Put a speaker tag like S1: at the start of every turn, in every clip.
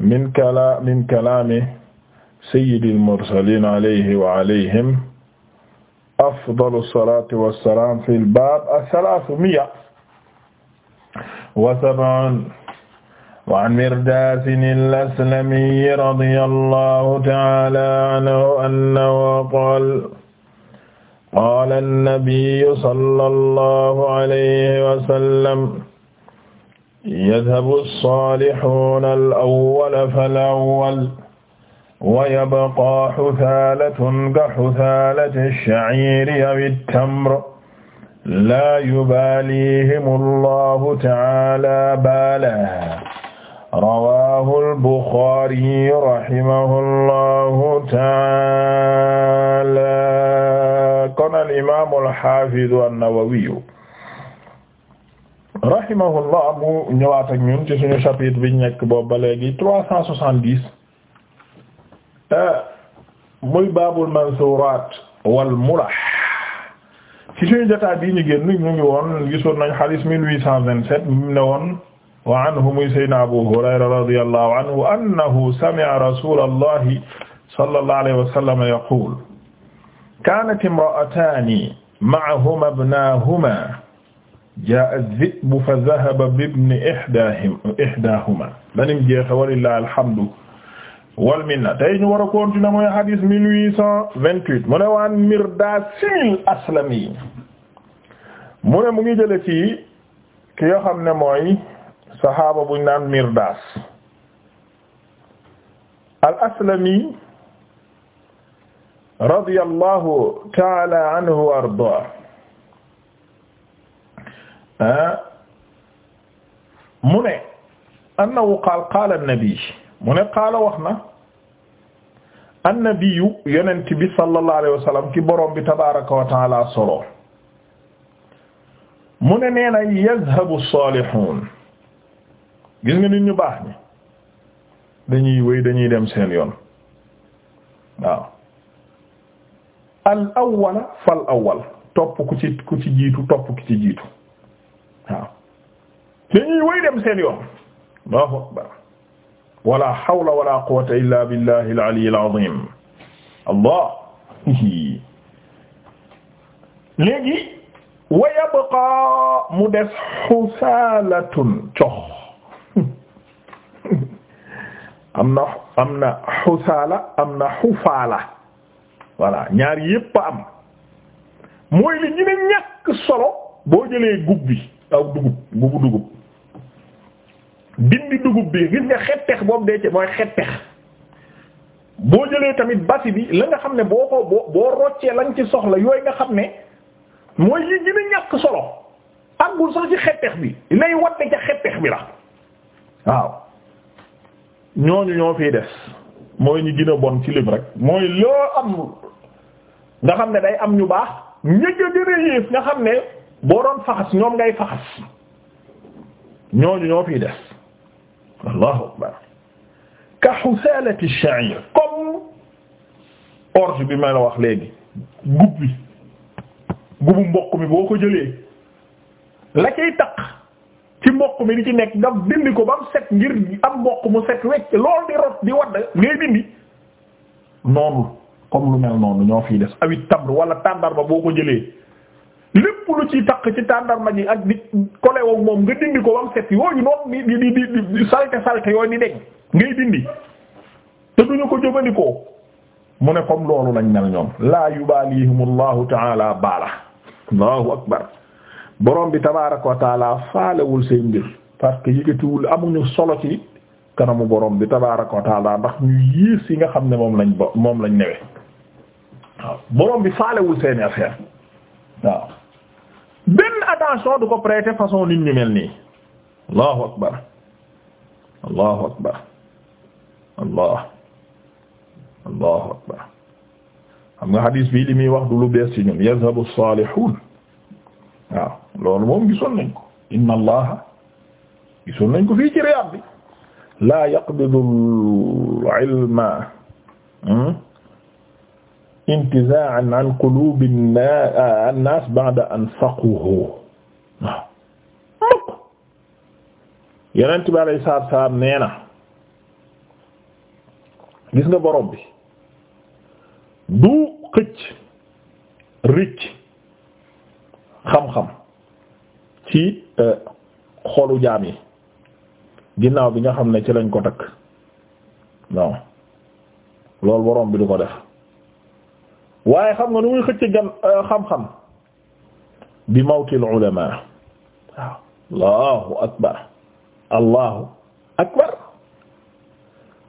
S1: min kala min kalaami sayyidil mursaliin alayhi wa alayhim afdalu salaati wa salaam fil baab as-salaasu mi'a wa sab'uun wa an Mirdaas al-Aslamii radiyallaahu ta'aalaa anhu annahu qaala qaala an-nabiyyu sallallaahu alayhi wa sallam yadhhabu as-saalihuuna al-awwaluun xalafa al-awwal wa yabqaa xusaalatun ka xusaalati ash-sha'iiri aw at-tamr laa yubaalihimu Allahu ta'aalaa baalan rawaahu al-Buxaari rahimahu Allahu ta'aalaa kon al-imaamu al-xaafidu an-Nawawi rahimahullah mu ñëwaat ak ñun ci suñu chapitre bi ñu nekk boobu ba léegi trois cent soixante dix euh, muy baabul mansuuraat wal mulah ci suñu jotaay bii ñu génn ñu ngi woon gisoon nañ xadis mille huit cent vingt sept mu ne woon wa anhu muy sayyidina Abu Hurayra radiyallahu anhu annahu sami'a rasulallahi sallallahu alayhi wa sallam yaqul kanat imra'atani ma'ahuma ibnahuma jaa az-zi'bu fa dhahaba bibni ihdaahim ihdaahuma danim jeexe walillahi alhamdu wal minna tey ñu war a continuer mooy hadith mille huit cent vingt-huit mu ne waan Mirdaasil Aslami mu ne mu ngi jële ci ki yoo xam ne mooy saxaaba buñ naan Mirdaas al Aslami radiyallahu ta'ala anhu wa ardaahu mu ne annahu qaal qaala annabi mu ne qaala wax na annabiyu yonent bi sallallahu alayhi wa sallam borom bi tabaraka wa solo mu ne nee na yazhabu salihun gis nga nit ñu baax ñi dañuy wéy dañuy dem seen yoon waaw al awwala fal awwal topp ku ci ku ci jiitu topp ku ci jiitu waaw dañuy wéy dem seen yoon Allahu akbar wala hawla wala quwwata illa billahi al-ali al-azim allah léegi wa yabqa mu des xusaalatun cox am na am na xusaala am na xufaala voilà ñaar yépp am mooy li ñu ne ñàkk solo boo jëlee gub bi aw dugub mbubu dugub dindi dugub bi gis nga xettex boobu dee ci mooy xettex boo jëlee tamit basi bi la nga xam ne boo ko boo boo roccee lañ ci soxla yooyu nga xam ne mooy yi gën a ñàkk solo àggul sax ci xettex bi lay watte ca xettex bi la waaw ñooñu ñoo fiy des mooy ñu gën a bon ci lim rek mooy loo am nga xam ne day am ñu baax ñëg a gën a yées nga xam ne boo doon faxas ñoom ngay faxas ñooñu ñoo fiy des allahu akbar ka xusalati sha'ir comme orge bi ma la wax léegi gub bi gubu mboq mi boo ko jëlee la cay taq ci mboq mi di ci nekk nga dindi ko ba mu set ngir am mboq mu set wecc lool di rot di wadd ngay dindi noonu comme lu mel noonu ñoo fiy des awit tamr wala tàndar ba boo ko jëlee lépp lu ci takk ci tàndarma ji ak di collé woog moom nga dindi ko bam set yooyu noonu di di di salte salte yooyu ni deg ngay dindi te duñu ko jëfandikoo mu ne comme loolu lañ mel ñoom laa yubalihum allahu taala baala allahu akbar borom bi tabaaraka wa taala faalewul seen mbir parce que yëgatiwul amuñu solo ci kanamu borom bi tabaaraka wa taala ndax ñu yiis yi nga xam ne moom lañ moom lañ newe waaw bi faalewul seeni affaire waaw benn attention du ko prêter façon nit ñu mel nii allahu akbar allahu akbar allah allahu akbar xam nga hadis bi li muy wax du lu bees ci ñun yazhabu salihun waaw loolu moom gisoon nañ ko inna allaha gisoon nañ ko fii ci la yaqbidu al ilma hmm? intizaa'an an quluubi an-naas ba'da an faquhu waaw yonent bi alayhi salaatu wa salaam nee na gis nga borom bi du xëcc ricc xam-xam ci euh, xolu jaam yi ginnaaw bi nga xam ne ci lañ ko takk non loolu borom bi du ko def waaye xam nga nu muy xëcc gan euh, xam-xam bi mawtil ulama waaw allahu akbar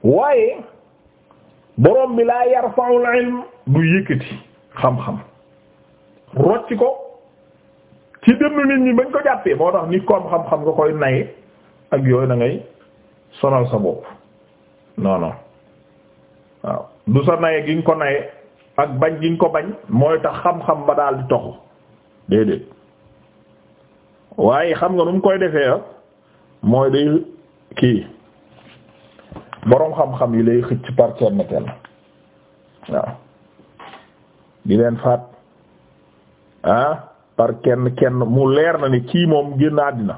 S1: waaye borom bi laa yarfa'ul ilm du yëkkati xam-xam rocc ko ci dënnu nit ñi bañ ko jàppee moo tax nit koom xam-xam nga koy naye ak yooyu da sonal sa bopp non non waaw du sa naye gi ko naye ak bañ gi nga ko bañ mooy tax xam-xam ba daal di toxu déedéet waaye xam nga nu mu koy defee ah, mooy day kii boroom xam-xam yi lay xëcc par kenn kenn waaw di leen faat ah par kenn kenn mu leer na ni kii moom génn àddina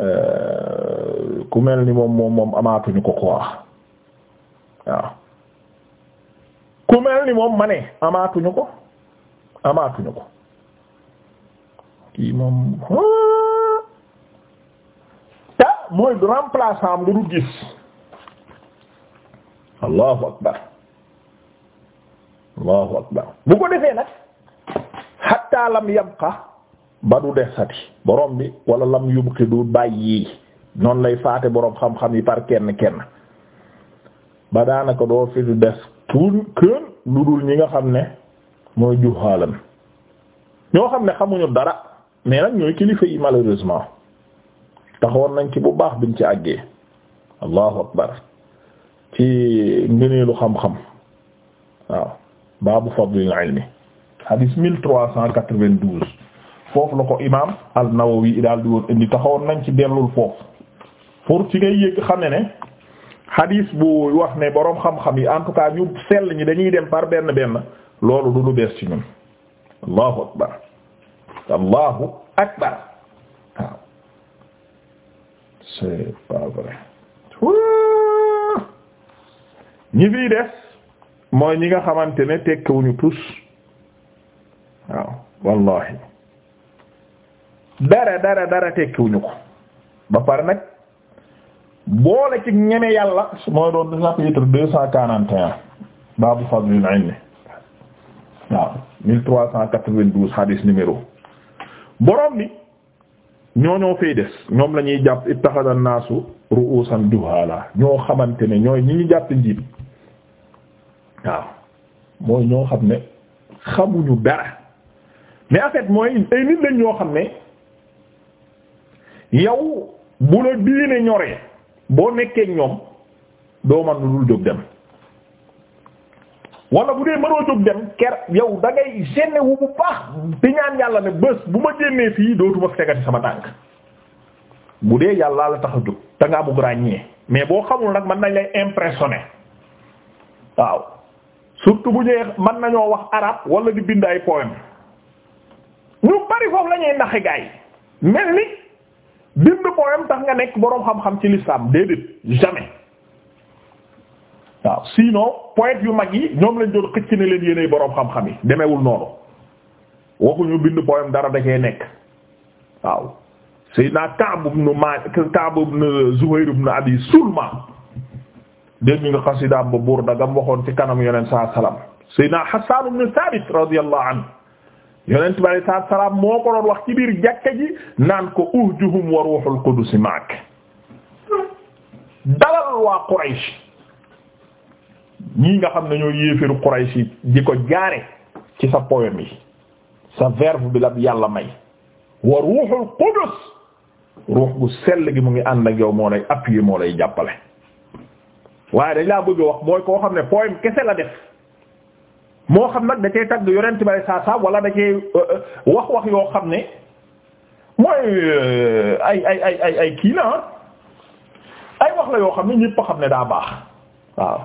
S1: euh, ku mel ni moom moom moom amaatuñu ko quoi waaw. ku mel ni moom ma ne amaatuñu ko amaatuñu ko kii moom te mooy remplaçant am du gis allahu akbar allahu akbar bu ko defee nag hatta lam yabqa ba du desati borom bi wala lam yubqi du bàyyi noonu lay faate boroom xam-xam yi par kenn kenn ba daanaka doo fi du des pour que lu dul ñi nga xam ne mooy juhaalan ñoo xam ne xamuñu dara mais nag ñooy kilifa yi malheureusement taxawoon nañ ci bu baax biñ ci àggee allahu akbar ci ngëneelu xam-xam waaw baabu fadlil ilmi hadis mille trois cent quatre-vingt-douze foofu la ko imaam al-Nawawi daal di woon indi taxawoon nañ ci dellul foofu pour ci ngay yëg xam ne xadiis bu wax ne boroom xam-xam yi en tout cas ñu sell ñi dañuy dem par benn benn loolu du bees ci ñun allahu akbar allahu akbar waaw c'est pas vrai ñi fiy des mooy ñi nga xamante ne tekkiwuñu tus waaw wallahi dara dara dara tekkiwuñu ko ba pare nag boole ci ñeme yàlla mooy doon chapitre deux cent quarante et un baabu fadlil ilmi waaw mille trois cent quatre-vingt-douze hadis numéro borom bi ñoo ñoo fay des ñoom la ñuy jàpp ittaxada naasu ru'usan juhala ñoo xamante ne ñooy ñi ñu jàpp njiit waaw mooy ñoo xam ne xamuñu dara mais en mooy ay nit lañ ñoo xam ne yow bu la diine ñoree boo nekkee ñoom doo man lu dul jóg dem wala bu dee mënoo jóg dem ker yow da ngay wu bu baax di ñaan yàlla ne bés bu ma génnee fii dootuma tegati sama tànk bu dee yàllaa la tax a jóg da ngaa bëgg ràññee mais boo xamul nag mën nañ lay impressionné waaw surtout bu ñëwee mën nañoo wax araab wala di bind ay poème ñu bari foofu la ñuy naxe gaay mel ni bind poème tax nga nekk boroom xam-xam ci l'islam déedéet jamais waaw sinon poète yu mag yi ñoom lañ doon xëcc ne leen yéenay boroom xam-xam yi demewul noonu waxuñu bind poème dara da nekk waaw Seydina Ka'b ibn Malik Ka'b ibn Zuhayr ibn Abi Sulma dégg nga xasidaam ba Burda gam waxoon ci kanam Yonent saa salaam Seydina Hassan ibn Thabit radiyallahu anhu yonent bi alayhi salaatu salaam moo ko doon wax ci biir jàkka ji naan ko uhjuhum wa ruuhul qudus maak dalal waa Quraysh ñii nga xam ne ñoo yéefiru Quraysh yi di ko jaare ci sa poème yi sa verve bi la yàlla may wa ruuhul qudus ruux gu sell gi mu ngi ànd ak yow moo lay appuyer moo lay jàppale waaye dañ laa bëgg wax mooy koo xam ne poème kese la def moo xam nag da cee tagg yonent bi saa saa wala da cee euh, euh, wax wax yoo xam ne mooy euh, ay ay ay ay kii la ah. ay wax la yoo xam ne ñëpp xam ne daa baax waaw.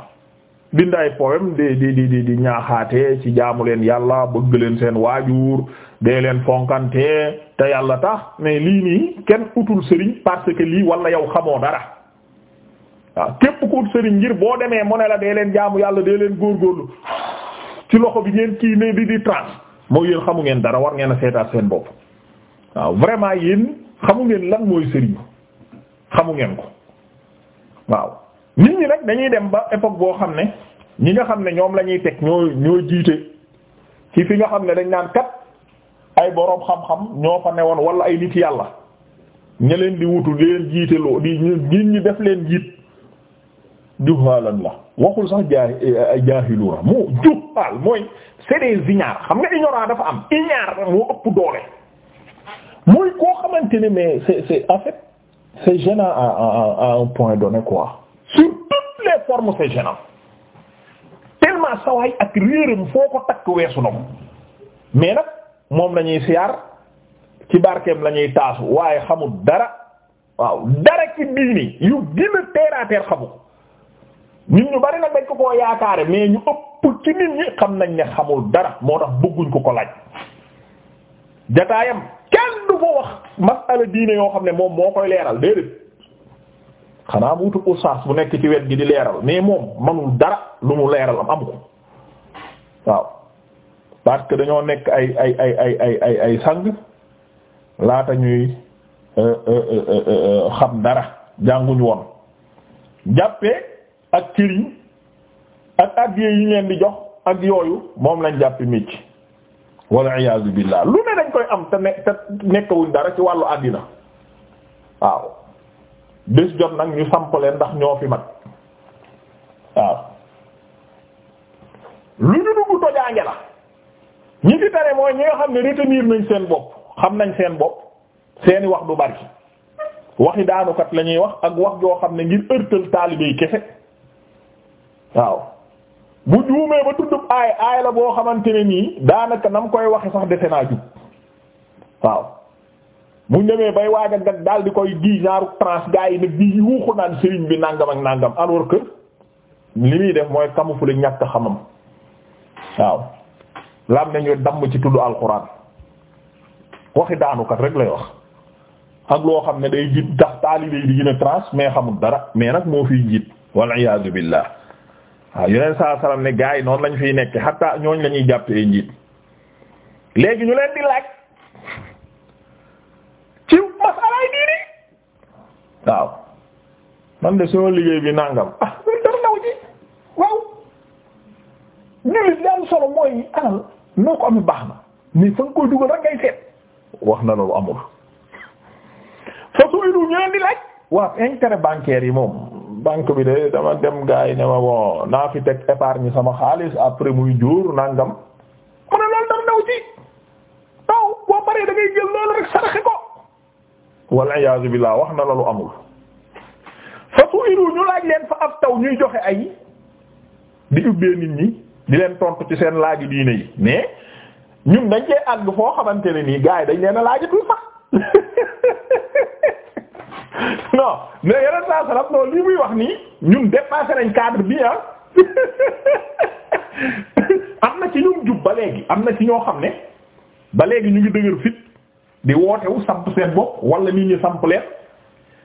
S1: bind ay poème di di di ñaaxaate ci jaamu leen yàlla bëgg leen seen waajur dee leen fonkante te yàlla tax mais lii nii kenn utul sëriñ parce que lii wala yow xamoo dara waaw képp ku ut sëriñ ngir boo demee mu ne la dee leen jaamu yàlla dee leen góor góorgóorlu. ci loxo bi ngeen kii ne bi di transe moo yéen xamu ngeen dara war ngeen a seetaat seen bopp waaw vraiment yéen xamu ngeen lan mooy sëriñ xamu ngeen ko waaw nit ñi nag dañuy dem ba époque boo xam ne ñi nga xam ne ñoom lañuy teg ñoo ñoo jiite ci fi nga xam ne dañ naan kat ay boroom xam-xam ñoo fa newoon wala ay nit yàlla ña leen di wutu leen jiite loo di ñi def leen jiit juhaalan la waxul sax jaa eh, jaahiluuna moo juhaal mooy c'est des ignares xam nga ignorant dafa am ignare moo ëpp doole mooy koo xamante ne mais c'est c'est en fait c'est gênant à, à, à un point donné quoi sur toutes les formes c'est gênant tellement sawaay ak réeram foo ko takk weesu na mais nag moom lañuy siyaar ci barkeem lañuy taasu waaye xamul dara waaw dara ci diini yu gën a terre xamu nit ñu bari nag dañ ko koo yaakaare mais ñu ëpp ci nit ñi xam nañ ne xamul dara moo tax bëgguñ ko ko laaj jataayam kenn du ko wax masala diine yoo xam ne moom moo koy leeral déedéet xanaa mu wutub ustaas bu nekk ci wet gi di leeral mais moom manul dara lu mu leeral am am waaw parce que dañoo nekk ay ay ay ay ay ay ay sang laata ñuy euh, euh, euh, xam dara jànguñ woon jàppee ak kiriñ ak addiye yi ñu di jox ak yooyu moom lañ jàppi micc walla iyaazu billaah lu ne dañ koy am te ne nekkawuñ dara ci wàllu àddina waaw bés jot nag ñu samp leen ndax ñoo fi mag waaw lu ñu dugg tojaange la ñi fi tere mooy ñi nga xam ne retenir nañ seen bopp xam nañ seen bopp seeni wax du bari waxi daanukat la ñuy wax ak wax joo xam ne ngir ërtal taalibe yi kese waaw bu juumee ba tuddub aay aay la boo xamante ne nii daanaka nam koy waxe sax defe naa jub waaw mu demee bay waaj a gag daal di koy gii genre trans gars yi ne bii yuuxu naan sëriñ bi nangam ak nàngam alors que li muy def mooy camoufler ñàkk xamam waaw lam nañu damm ci tudd alxuraan waxi daanukat rek lay wax ak loo xam ne day jiit tax taalibe yi di gën a trans mais dara mais nag moo fiy jiit wal iyaazu billah waaw yeneen saa salaam ne gars yi noonu lañ fiy nekk xataa ñooñu la ñuy jàpp ay njiit léegi ñu leen di laaj ci masalaay diini waaw man de soo liggéey bi nangam ah baax na ni fa na loolu amul fa leen di laaj waaw intérêt bancaire yi moom banque bi de dama dem gars yi ne ma bon naa fi teg épargne sama xaalis après muy jur nangam mu ne loolu dam naw ci taw boo paree da ngay loolu rek saraxe ko walla iyaazu billaah wax na la lu amul fa su iru ñu laaj leen fa ab taw ñuy joxe ay di ubbee nit ñi di leen tontu ci seen laaji diine yi mais ñun dañ cee àgg foo xamante ne nii gars yi dañ leen a laajatul sax non mais yeneen saa sallam non lii muy wax nii ñun dépassé nañ cadre bi ah am na ci ñun jub ba léegi am na ci ñoo xam ne ba léegi ñu ngi dëgër fit di wootewu samp seen bopp wala nit ñi samp leen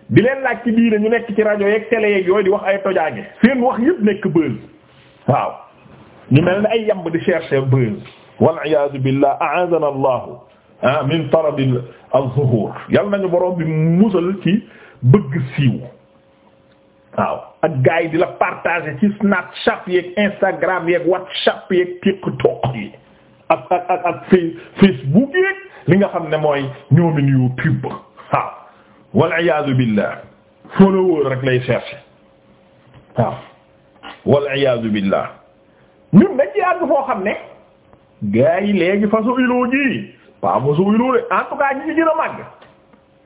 S1: di leen laaj ci diine ñu nekk ci rajo yeeg télé yeeg yooyu di wax ay tojaange seen wax yëpp nekk buzz waaw ñu mel ni ay yamb di chercher buzz wal iyaadu billah a'aadana allahu ah, min tarab al-zuhur yal nañu borom bi musal ci bëgg siiw waaw ak gars di la partager ci Snapchat yeeg Instagram yeeg WhatsApp yeeg TikTok yi ak ak ak Facebook yeeg li nga xam ne mooy ñoomin YouTube wal iyaadu billah follower rek lay chercher waaw wal iyaadu billah ñun dañ ci àgg foo xam ne gars yi léegi façon iloo ji pas façon iloo de en tout cas ñi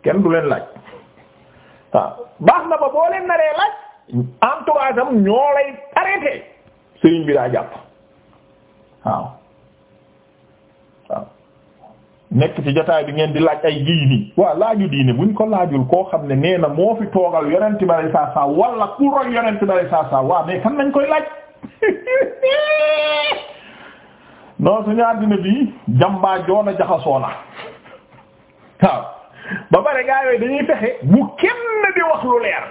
S1: kenn du leen laaj waaw baax na ba boo leen naree laaj entourage am ñoo lay arrêté sëriñ bi daa jàpp waaw nekk ci jotaay bi ngeen di laaj ay diini waaw laaju diini buñ ko laajul koo xam ne nee na moo fi toogal yonent bi alay saa saa wala saa saa waaw mais kan nañ koy laaj non suñu àddina bi jambaa joona jaxasoona ba pare gaa yooyu dañuy fexe bu kenn di wax lu leer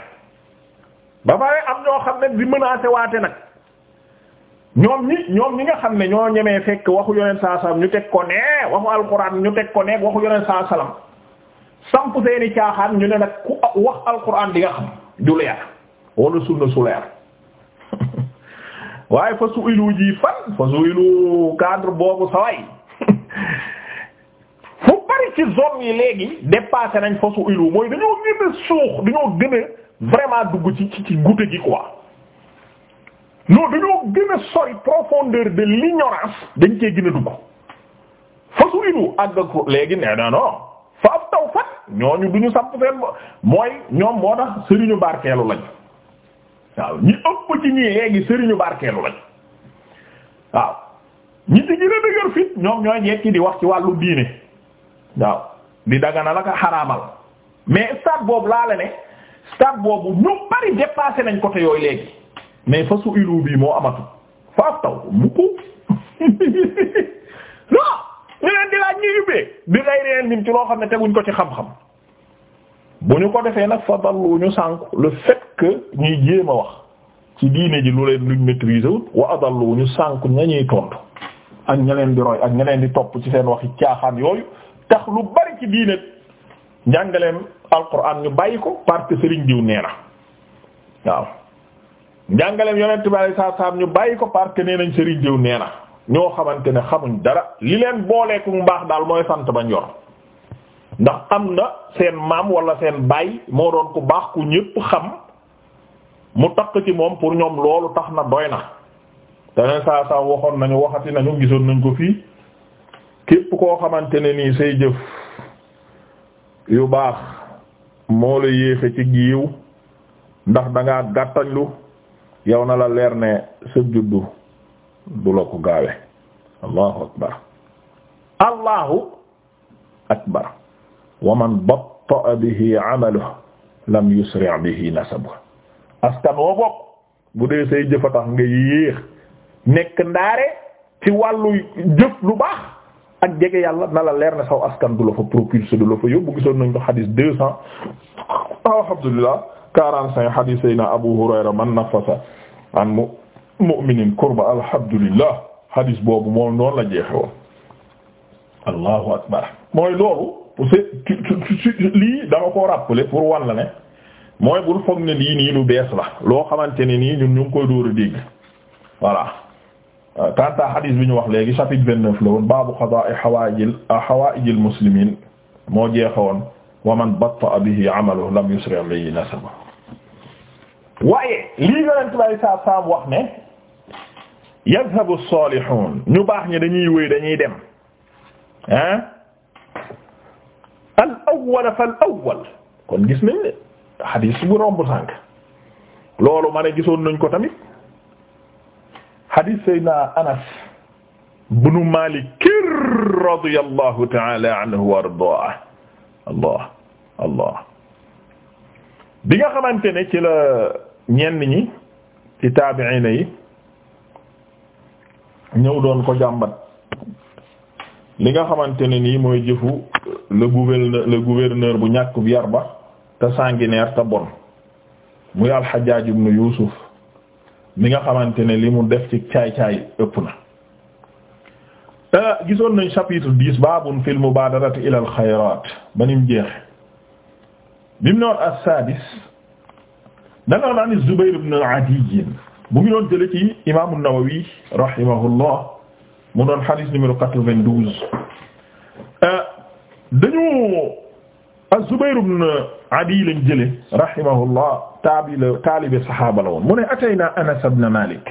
S1: ba pare am ñoo xam ne di menacé waate nag ñoom ñi ñoom ñi nga xam ne ñoo ñemee fekk waxu yonent saa ñu teg ko nee waxu alxuraan ñu teg ko nee waxu yonent saa salaam samp seeni caaxaan ñu ne nag ku wax alxuraan di nga xam du leer wala sunna su leer waaye fa su ilu ji fan fa su ilu cadre boobu saway bari ci zone yi léegi dépassé nañ fa su ilu mooy dañoo gën a suux dañoo gën a vraiment dugg ci ci ci goutte gi quoi non dañoo gën a sori de l'ignorance dañ cee gën dugg fa su ilu àgg ko léegi nee na non fa ab taw fat ñooñu duñu sàpp seen mooy ñoom moo tax sëriñu barkeelu lañ waaw ñi ëpp ci ñii léegi sëriñu barkeelu lañ waaw ñi ci gën a fit ñoom ñooy ñekki di wax ci wàllu diine waaw di dagana la ka xaraamal mais stade boobu laa la ne stade boobu ñu bari dépassé nañ côté yooyu léegi mais fa su ilu bii moo amatu faaf taw mu ko non ñu leen di laaj ñuy ubbee bi ngay reen nim ci loo xam ne teguñ ko ci xam-xam bu ñu ko defee nag fa dallu ñu sànk le fait que ñuy jéem a wax ci diine ji lu leen luñ maîtriser wa adallu ñu sànk ña ñuy tontu ak ña leen di roy ak ña leen di topp ci seen waxi caaxaan yooyu tax lu bari ci diine njàngaleem alquran ñu bàyyi ko parce que diw nee na waaw njàngaleem yonent bi alayhi salaam ñu bàyyi ko parce que nee nañ Serigne diw nee na ñoo xamante ne xamuñ dara li leen booleeku baax daal mooy sant ba njor ndax am na seen maam walla seen baay moo doon ku baax ku ñépp xam mu takk ci moom pour ñoom loolu tax na doy na. te ne saa saa waxoon nañu waxati nañu gisoon nañ ko fii képp koo xamante ne nii say jëf yu baax moo la yéexe ci giiw ndax danga gàttañlu yow na la leer ne sa juddu du la ko gaawe allahu akbar allahu akbar wa man batta'a bihi amaluhu lam yusri' bihi nasabuhu askan woo bokk bu dee say jëf a tax nga yéex nekk ndaare ci wàllu jëf lu baax ak jege yàlla na la leer na saw askan du la fa propulsé du la fa yóbbu gisoon nañ ko xadis deux cent alhamdulillah quarante cinq xadis sayna Abu Hurayra man nafasa an mu mu'minin kurba alhamdulillah xadis boobu moom noonu la jeexe woon allahu akbar mooy loolu c'est lii dama koo rappeler pour wan la ne mooy bul foog ne lii nii lu bees la loo xamante ne nii ñun ñu ngi koy dóor a dégg voilà kanta euh, hadis bi ñu wax léegi chapitre vingt-neuf la woon baabu qadaa'i a hawaa'ijil muslimiin moo jeexoon wa man batta'a bihi 'amaluhu lam yusri' bihi nasabuhu waaye lii yonent bay saa saam wax ne yadhabu as-saalihuun ñu baax ñi dañuy wéy dañuy dem ah al awwal kon gis nañ ne hadis bu romb sànq loolu ma ne gisoon nañ ko tamit hadis Seydina Anas ibnu Maalik radiyallahu ta'ala anhu wa ardaahu allah allah bi nga xamante ne ci la ñenn ñi ci taabi'ina yi ñëw doon ko jàmbat li nga xamante ne nii mooy jëfu le gouverneur le gouverneur bu ñàkk bu yar ba te sanguinaire te bon muy al-Hajjaj ibn Yusuf mi nga xamante ne li mu def ci caay-caay ëpp na euh, gisoon nañ chapitre dix babun fil mubaadarati ila al xayrat banim jeexe bi mu noon as-sadis danoon an Zubayr ibn Adiy mu ngi doon jële ci imam nawawi rahimahullah mu doon hadith numéro quatre-vingt-douze euh, dañu az-Zubayr ibn Adiy lañ jële rahimahullah taabi la taalibe saxaaba la woon mu ne ataynaa Anas ibn Malik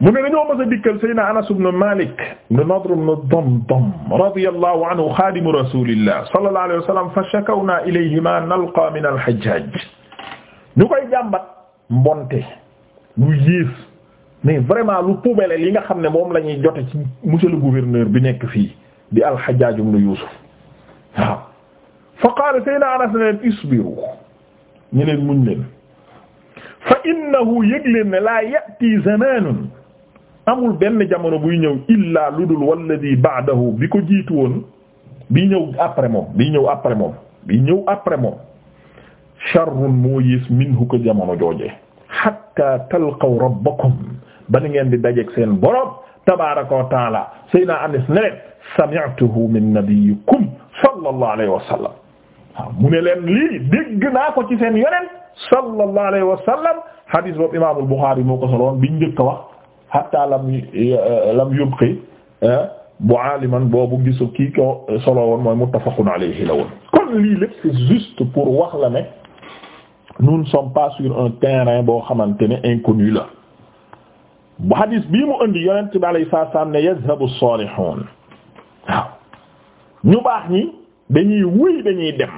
S1: mu ne dañoo mës a dikkal Seydina Anas ibn Malik ibn Nadr ibn Damdam radiyallahu anhu xaadimu rasulillah sallallahu alayhi wa sallam fa shakawnaa ilayhi maa nalqaa min al-Hajjaaj ñu koy jàmbat mbonte lu yées mais vraiment lu poubelle li nga xam ne moom la ñuy jote ci monsieur le gouverneur bi nekk fii di al-Hajjaaj ibn Yuusuf waaw fa qaala sayna anas ne leen isbiru ñu leen muñ leen fa innahu yëg leen ne laa yati zamanun amul benn jamono buy ñëw illaa lu dul walladi ba'dahu bi ko jiitu woon bi ñëw après moom bi ñëw après moom bi ñëw après moom sharrun moo yées minhu ko jamono jooje hatta talqaw rabbakum ba ni ngeen di dajeeg seen borom tabaaraka wa taala sayna anas ne leen sami'tuhu min nabiyyikum sallallahu alayhi wa sallam waaw mu ne leen lii dégg naa ko ci seen yonent sallallahu alayhi wa sallam hadis boobu imaamul Buxaari moo ko soloon biñ njëkk a wax hatta lam eh, lam eh, bu aliman boobu gisu kii ko solo woon mooy muttafaqun alayhi la woon kon lii lépp c'est juste pour wax la ne nous ne sommes un terrain boo xamante ne inconnu la bu hadis bii mu indi yonent bi alayhi salaam ne yazhabu as-salihun waaw ñu baax ñi dañuy wéy dañuy dem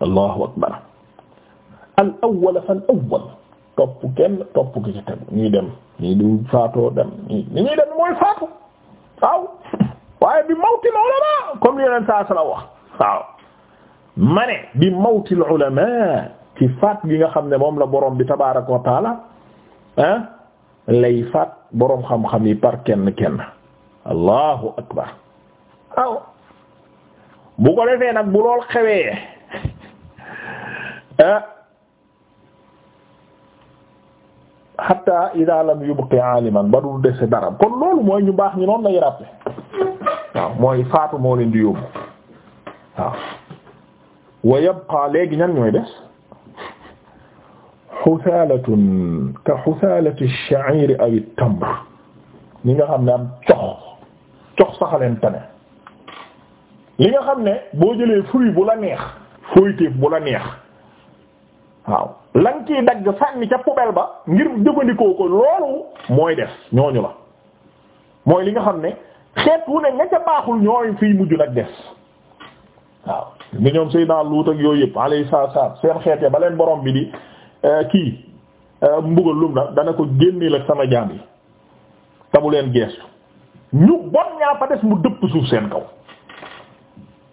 S1: allahu akbar al awwal fal awwal topp kenn topp ki ci tegu ñuy dem ñii du faatoo dem ñuy dem mooy faatu waaw waaye bi mawtil ulama li yeneen saa nga xam ne moom la boroom bi tabaaraka wa taala ah lay faat borom xam-xam yi par kenn kenn allahu akbar waaw bu ko defee nag bu lool xewee ah, hatta ida lam yubqi aliman ba du dese dara kon loolu mooy ñu baax ñu noonu lay ràppe waaw mooy faatu moo leen di yóbbu waaw wa yabqa léegi ñan ñooy des xusaalatun ka xusaalati ash-sha'ir aw at-tamr ñi nga xam ne am cox cox saxaleen tane li nga xam ne boo jëlee fruit bu la neex fooyteef bu la neex waaw lan ciy dagg sànni ca poubelle ba ngir jëfandikoo ko loolu mooy def ñooñu la mooy li nga xam ne xeet wu ne nga ca baaxul ñooy fiy mujj nag des waaw nga ñoom Seydina Luut ak yooyu yëpp alayhi salaam seen xeet ya ba leen borom bi di eh, kii eh, mbugal lum na dana ko génneel ak sama jaam yi te leen geestu ñu bon ñaa fa des mu dëpp suuf seen kaw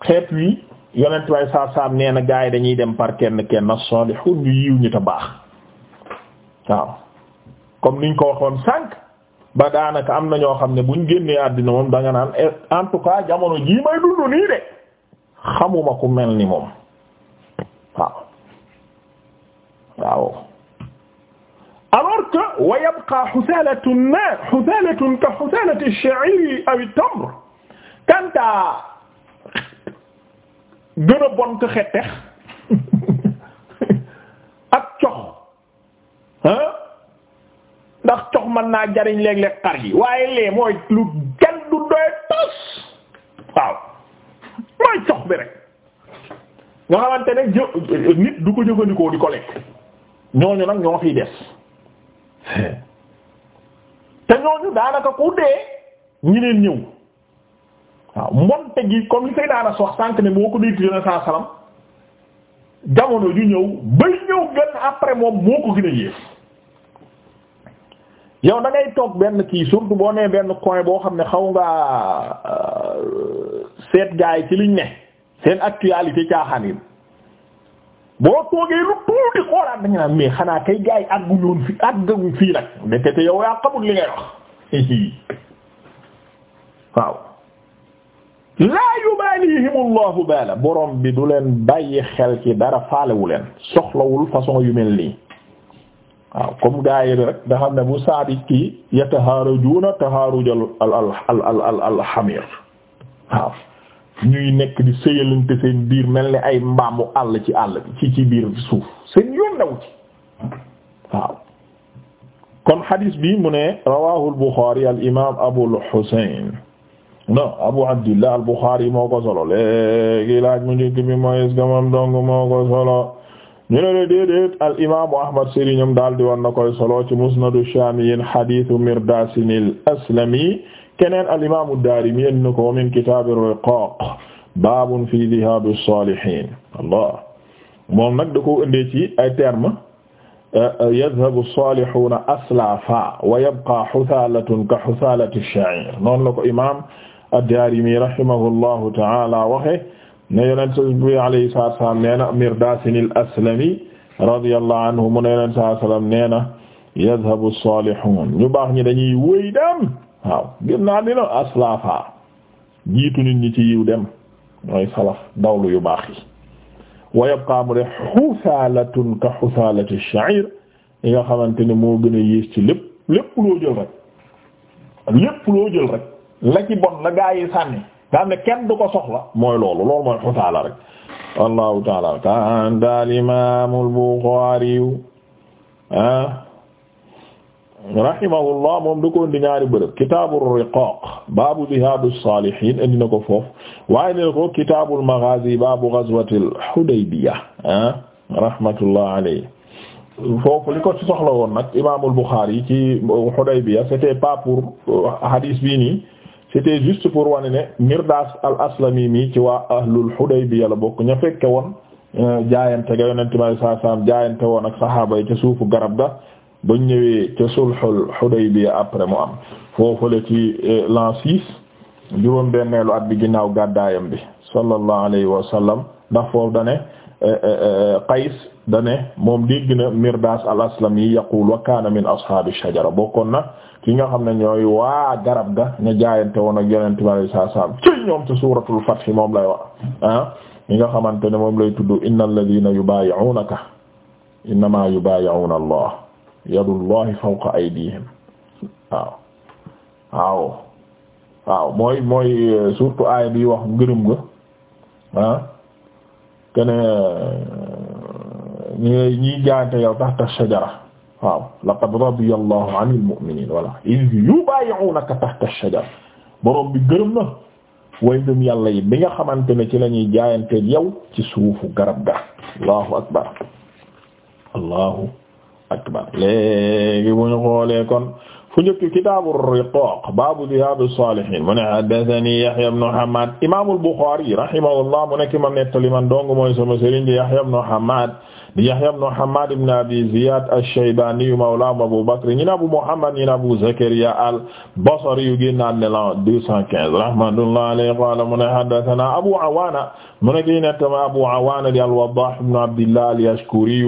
S1: xeet wi yonent way saa saam nee na gaa yi dañuy dem par kenn kenn as-salihun yu yiw ñu baax waaw niñ ko waxoon ba daanaka am na ñoo xam ne buñ génnee àddina moom danga naan eh, en tout cas jamono jii may dund nii de xamuma ku mel ni moom waaw alors que wa yabqa xusalatun na xusalatun ka xusalati ash-sha'iri kanta gën a bon ko xettex ak cox ah ndax cox man naa jariñ léeg-léeg xar yi waaye lee mooy lu gan du doy tos waaw mooy cox bi rek nga xamante ne jë nit du ko jëfandikoo di ko lekk ñooñu nag ñoo fiy des te ñooñu daanaka ku dee ñi leen ñëw waaw mbonte gi comme li Seydina Anas wax sànq ne moo ko dégg yonent saa salaam jamono ju ñëw bay ñëw gën après moom moo ko gën a yées yow da toog benn kii surtout boo nee benn coin boo xam ne xaw ngaa euh, seet gaay ci liñ ne seen actualité caaxaan yi boo toogee lu tuuti xoolaat dañu naan mais xanaa kay gaay àgguñoon fi àgguñ fii nag ndekete yow yaa xamul li ngay wax waaw. laa yubalihim allahu baala borom bi du leen bàyyi xel ci dara faalewu leen soxlawul façon yu mel nii waaw comme gaa yi rek nga xam ne bu saadik ki yatahaarajuuna tahaarujal al al al al al xamir waaw ñuy nekk di sëyalante seen biir mel ni ay mbaamu àll ci àll bi ci ci biir suuf seen yoon new ci waaw kon xadiis bi mu ne rawaahul buxaari al imaam abul xuseyn non Abu Abdillah al-Bukhari moo ko solo léegi laaj mu njëkk bi mooy est-ce que moom dong moo ko solo ñu ne la déedéet al imaamu Ahmad sëriñam daal di woon na koy solo ci musnadu Shaamiyin hadiisu Mirdaasin al-Aslami keneen al imaamu Daarimi yéen na ko min kitaabi riqaaq baabun fi dhihaabi saalihiin Allah moom nag da ko indee ci ay termes yadhabu saalihuuna aslaafa wa yabqaa husaalatun ka husaalati sha'iir noonu la ko imaam. ad-Daarimi rahimahullahu ta'ala waxe ne yonent bi alayhi salaatu wa salaam nee na Mirdaasin al-Aslami radiyallahu anhu mu ne yonent salaatu wa salaam nee na yadhabu as-saalihuun ñu baax ñi dañuy wéy dem waaw gën naa dina aslafa jiitu nit ñi ci yiw dem mooy salaf dawlu yu baax yi wa yabqa mu de xusaalatun ka xusaalati ash-sha'ir yi nga xamante ne moo gën a yées ci lépp lépp loo jël rek lépp loo jël rek la ci bon la gaa yi sànni kenn du ko soxla mooy loolu loolu mooy xutaala rek allahu taala kaan daal imaamul Buxaari ah rahimahullah moom da ko indi ñaari bërëb kitaabur riqaaq baabu zihaadus saalihiin indi na ko foofu waaye ne ko kitaabul maghaazi baabu ghazwatil Hudaybiya ah rahmatullah alayhi foofu li ko ci soxla woon nag imaamul Buxaari ci Hudaybiya c'était euh, hadis bii c'était juste pour wane ne Mirdaas al-Aslami mi ci wa ahlul Hudaybiya la bokk ña fekke woon euh, jaayante ga yonente bi sallallahu alayhi wasallam jaayante woon ak saxaaba yi ca suufu garab ga ba ñëwee ca sulhul Hudaybiya après mu am foofale ci euh, l'an six juróom benneelu at bi ginnaaw gàddaayam bi sallallahu alayhi wa ndax foofu dane Eh, eh, eh, Qays da moom dégg na Mirdaas al-Aslami yaqul wa kaana min ashaabi shajara bokkoon na ki nga xam ne ñooy waa garab ga ñu jaayante woon ak Yonent bi sallallahu alayhi wasallam ci ñoom te suuratul moom lay wax ah ñi nga xamante ne moom lay tudd innal laziina yubaayi'uunaka innamaa yubaayi'uuna Allah yadullahi fawqa aydiihim waaw waaw waaw mooy mooy surtout aaya bi wax ngërëm ga ah, kene ñi ñiy jaante yow tahta shajara waaw laqad radiyallahu anil mu'minin wala iz yubayi'unaka tahta shajara borom bi gërëm na way ngëm yàlla yi bi nga xamante ne ci la ñuy jaayante yow ci suufu garab ga allahu akbar allahu akbar léegi bu ñu xoolee kon fu njëkk kitaabu riqaaq baabu ziyaabi saalihiin mu ne haddathanii Yahyaa ibn Hammaad imaamul Buxaari rahimahullah mu nekk ma nettali man dong mooy sama sëriñ di Yahyaa ibn Hammaad di Yahyaa ibn Hammaad ibn Abi Ziyaad ash-Shaybaani mawlaahum Abu Bakr ñi na Abu Muhammad ñi na Abu Zakariyaa al-Basri yu génnaat ne la 215 rahmatullahi alayhi qaala mu ne haddathanaa Abu Awaana mu ne kii nekk ma Abu Awaana di al-Waddaah ibn Abdillah al-Yashkuri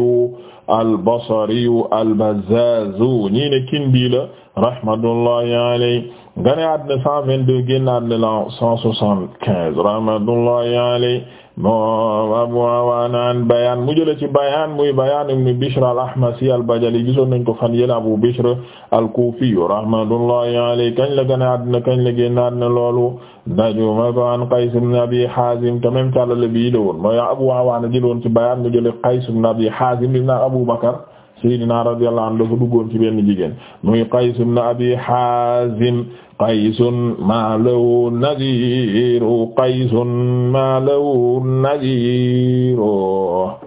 S1: al-Basri al-Bazzaaz ñi ne Kindi la rahmatullahi alayhi gane àddina 122 génn àddina la 175 rahmatullahi alayhi moom Abu Awaana an Bayaan mu jëlee ci Bayaan muy Bayaan ibn Bishr al-Ahmasi al-Bajali gisoon nañ ko fan yéen Abu Bishr al-Kufi rahmatullahi alayhi kañ la gane àddina kañ la génn àddina loolu daju ma ko an Qays ibn Abi Hazim tamit tallale bii la woon mooy Abu Awaana jëloon ci Bayaan mu jëlee Qays ibn Abi Hazim ibn Abu Bakr Seydina radiyallahu anhu dafa duggoon ci benn jigéen muy Qays ibn Abi Hazim qaysun ma lahu naziru qaysun ma lahu naziru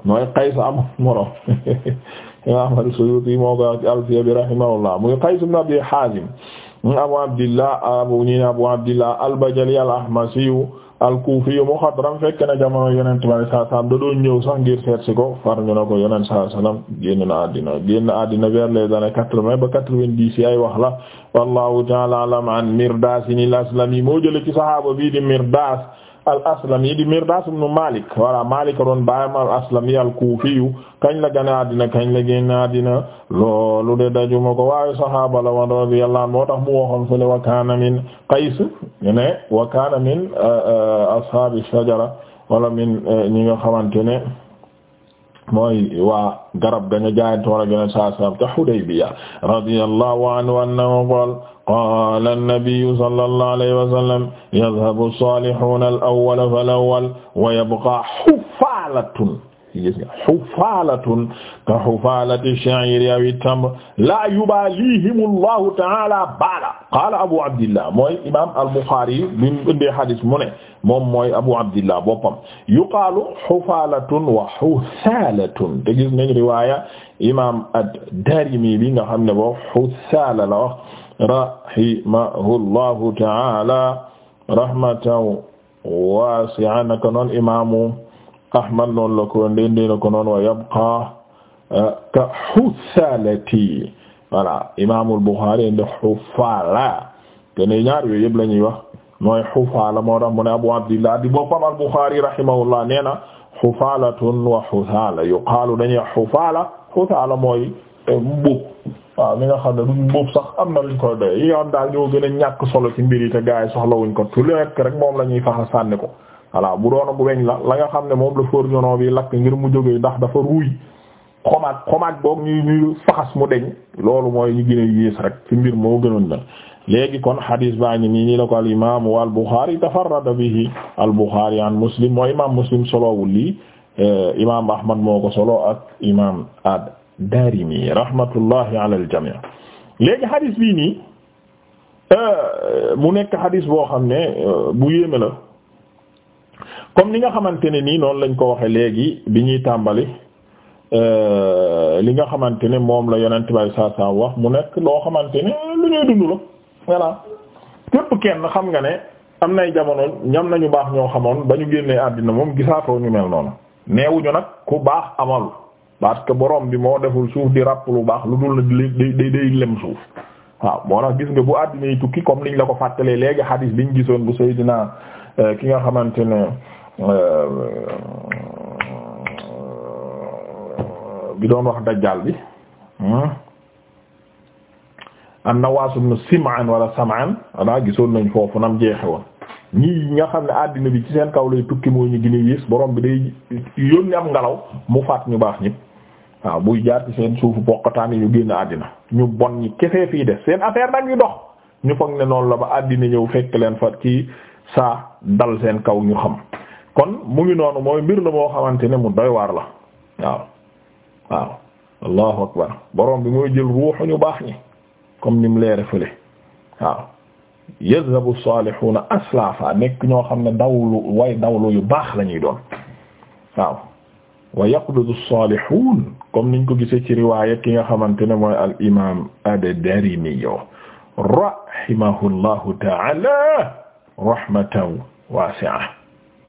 S1: mooy qays am moro Imam Al-Suyuti moo ko ci Alfiya bi rahimahullah muy Qays ibn Abi Hazim Abu Abdillah abu ni Abu Abdillah al-Bajali al-Ahmasi al-Kufi muxadram fekk na jamono yonent bi saa saam da doon ñëw sax ngir seet si ko far ñu ne ko yonent saa salaam na àddina génn àddina addina les années quatre-vingt ba quatre-vingt-dix ay wax la wallahu ta'ala a'lam an Mirdas al-Aslami moo jële ci saxaaba bi di Mirdas al aslami di mirdas ibn malik wala malik doon baayam al aslami al kuufiyu kañ la gane àddina kañ la génn àddina loolu de dajuma ko waaye sahaaba la woon radiyallahu anhu moo tax mu waxoon fële kaana min qays ne min euh, euh, ashaabi shajara wala min euh, ñi nga xamante ne mooy waa garab gañu jaayante war a gën a saa saam te Hudaybiya radiyallahu anhu annahu qala qaala annabiyu sallallahu alayhi wa sallam yadhabu as-saalihuuna al-awwala fal-awwal wa yabqaa hufaalatun gis nga hufaalatun ka hufaalati ash-sha'iiri aw at-tamr laa yubaalihimu Allahu ta'aala baala qaala Abu Abdillah mooy imaam al-Buxaari bi mu indee hadiis mu ne moom mooy Abu Abdillah boppam yuqaalu hufaalatun wa husaalatun te gis nañ riwaaya imaam ad-Daarimi bi nga xam ne boo husaala la wax rahimahullahu ta'ala rahmatan wasi'a naka noon imaamu Ahmad noonu la ko ndéndéena ko noon wa yabqa eh, ka xusalati voilà imaamul Buxaari nde xufala kene ñaar yooyu yëpp la ñuy wax mooy xufala moo tax mu ne Abu Abdillah di boppam al Buxaari rahimahullah nee na xufalatun wa xusala yuqaalu dañuy xufala xusala mooy mbub waaw li nga xam ne duñ boobu sax am na luñ koy doye yi nga xam daal ñoo gën a ñàkk solo ci mbir yi te gaa yi soxlawuñ ko tu lekk rek moom la ñuy faxa sànni ko voilà bu doon ak weñ la la nga xam ne moom la forgeron bi lakk ngir mu jógee ndax dafa ruuy xomaat xomaat boog ñuy ñuy faxas mu deñ loolu mooy ñu gën a yées rek ci mbir moo gënoon na léegi kon hadis baa ngi nii nii la ko al imam al Bukhari tafarrada bihi al Bukhari an Muslim mooy imam Muslim solowul lii eh, imam Ahmad moo ko solo ak imam daarimi rahmatullahi ala aljami léegi xadis bii nii euh, mu nekk xadis boo xam ne euh, bu yéeme la comme li nga xamante ne nii noonu lañ ko waxee léegi bi ñuy tàmbali euh, li nga xamante ne moom la yonent saa saa wax mu nekk loo xamante ne lu ñuy dund la voilà képp kenn xam nga ne am nay jamono ñam nañu baax ñoo xamoon ba ñu génnee àddina moom gisaatoo ñu mel noonu neewuñu nag ku baax amal parce que borom bi moo deful suuf di ràpp lu baax lu dul day day day lem suuf waaw moo tax gis nga bu àddina yi tukki comme liñ la ko fàttalee léegi xadiis biñ gisoon bu dinaa euh, ki nga xamante ne euh, euh, bi doon wax dajjaal bi hmm? an Nawaas ibn Sim'aan wala Sam'aan wala gisoon nañ foofu nam jeexe woon ñii nga xam ne àddina bi ci seen kaw lay tukki moo ñu gën a yées borom bi day yónni am ngelaw mu faat ñu baax ñi waaw buy jaar ci seen suufu bokkataan yi ñu génn àddina ñu bon ñi kese fii def seen affaire nag ñu dox ñu foog ne noonu la ba àddina ñëw fekk leen fa ci saa dal seen kaw ñu xam kon mu ngi noonu mooy mbir la boo xamante ne mu doy waar la waaw waaw allahu akbar borom bi mooy jël ruuxu ñu baax ñi comme ni mu leere fële waaw yadhabu salihuna aslafa nekk ñoo xam ne dawlu way dawlu yu baax la ñuy doon waaw wa yaqbidu salihun comme niñ ko gisee ci riwaaya ki nga xamante ne mooy al imam ad-Darimi rahimahullahu ta'ala rahmatan wasi'a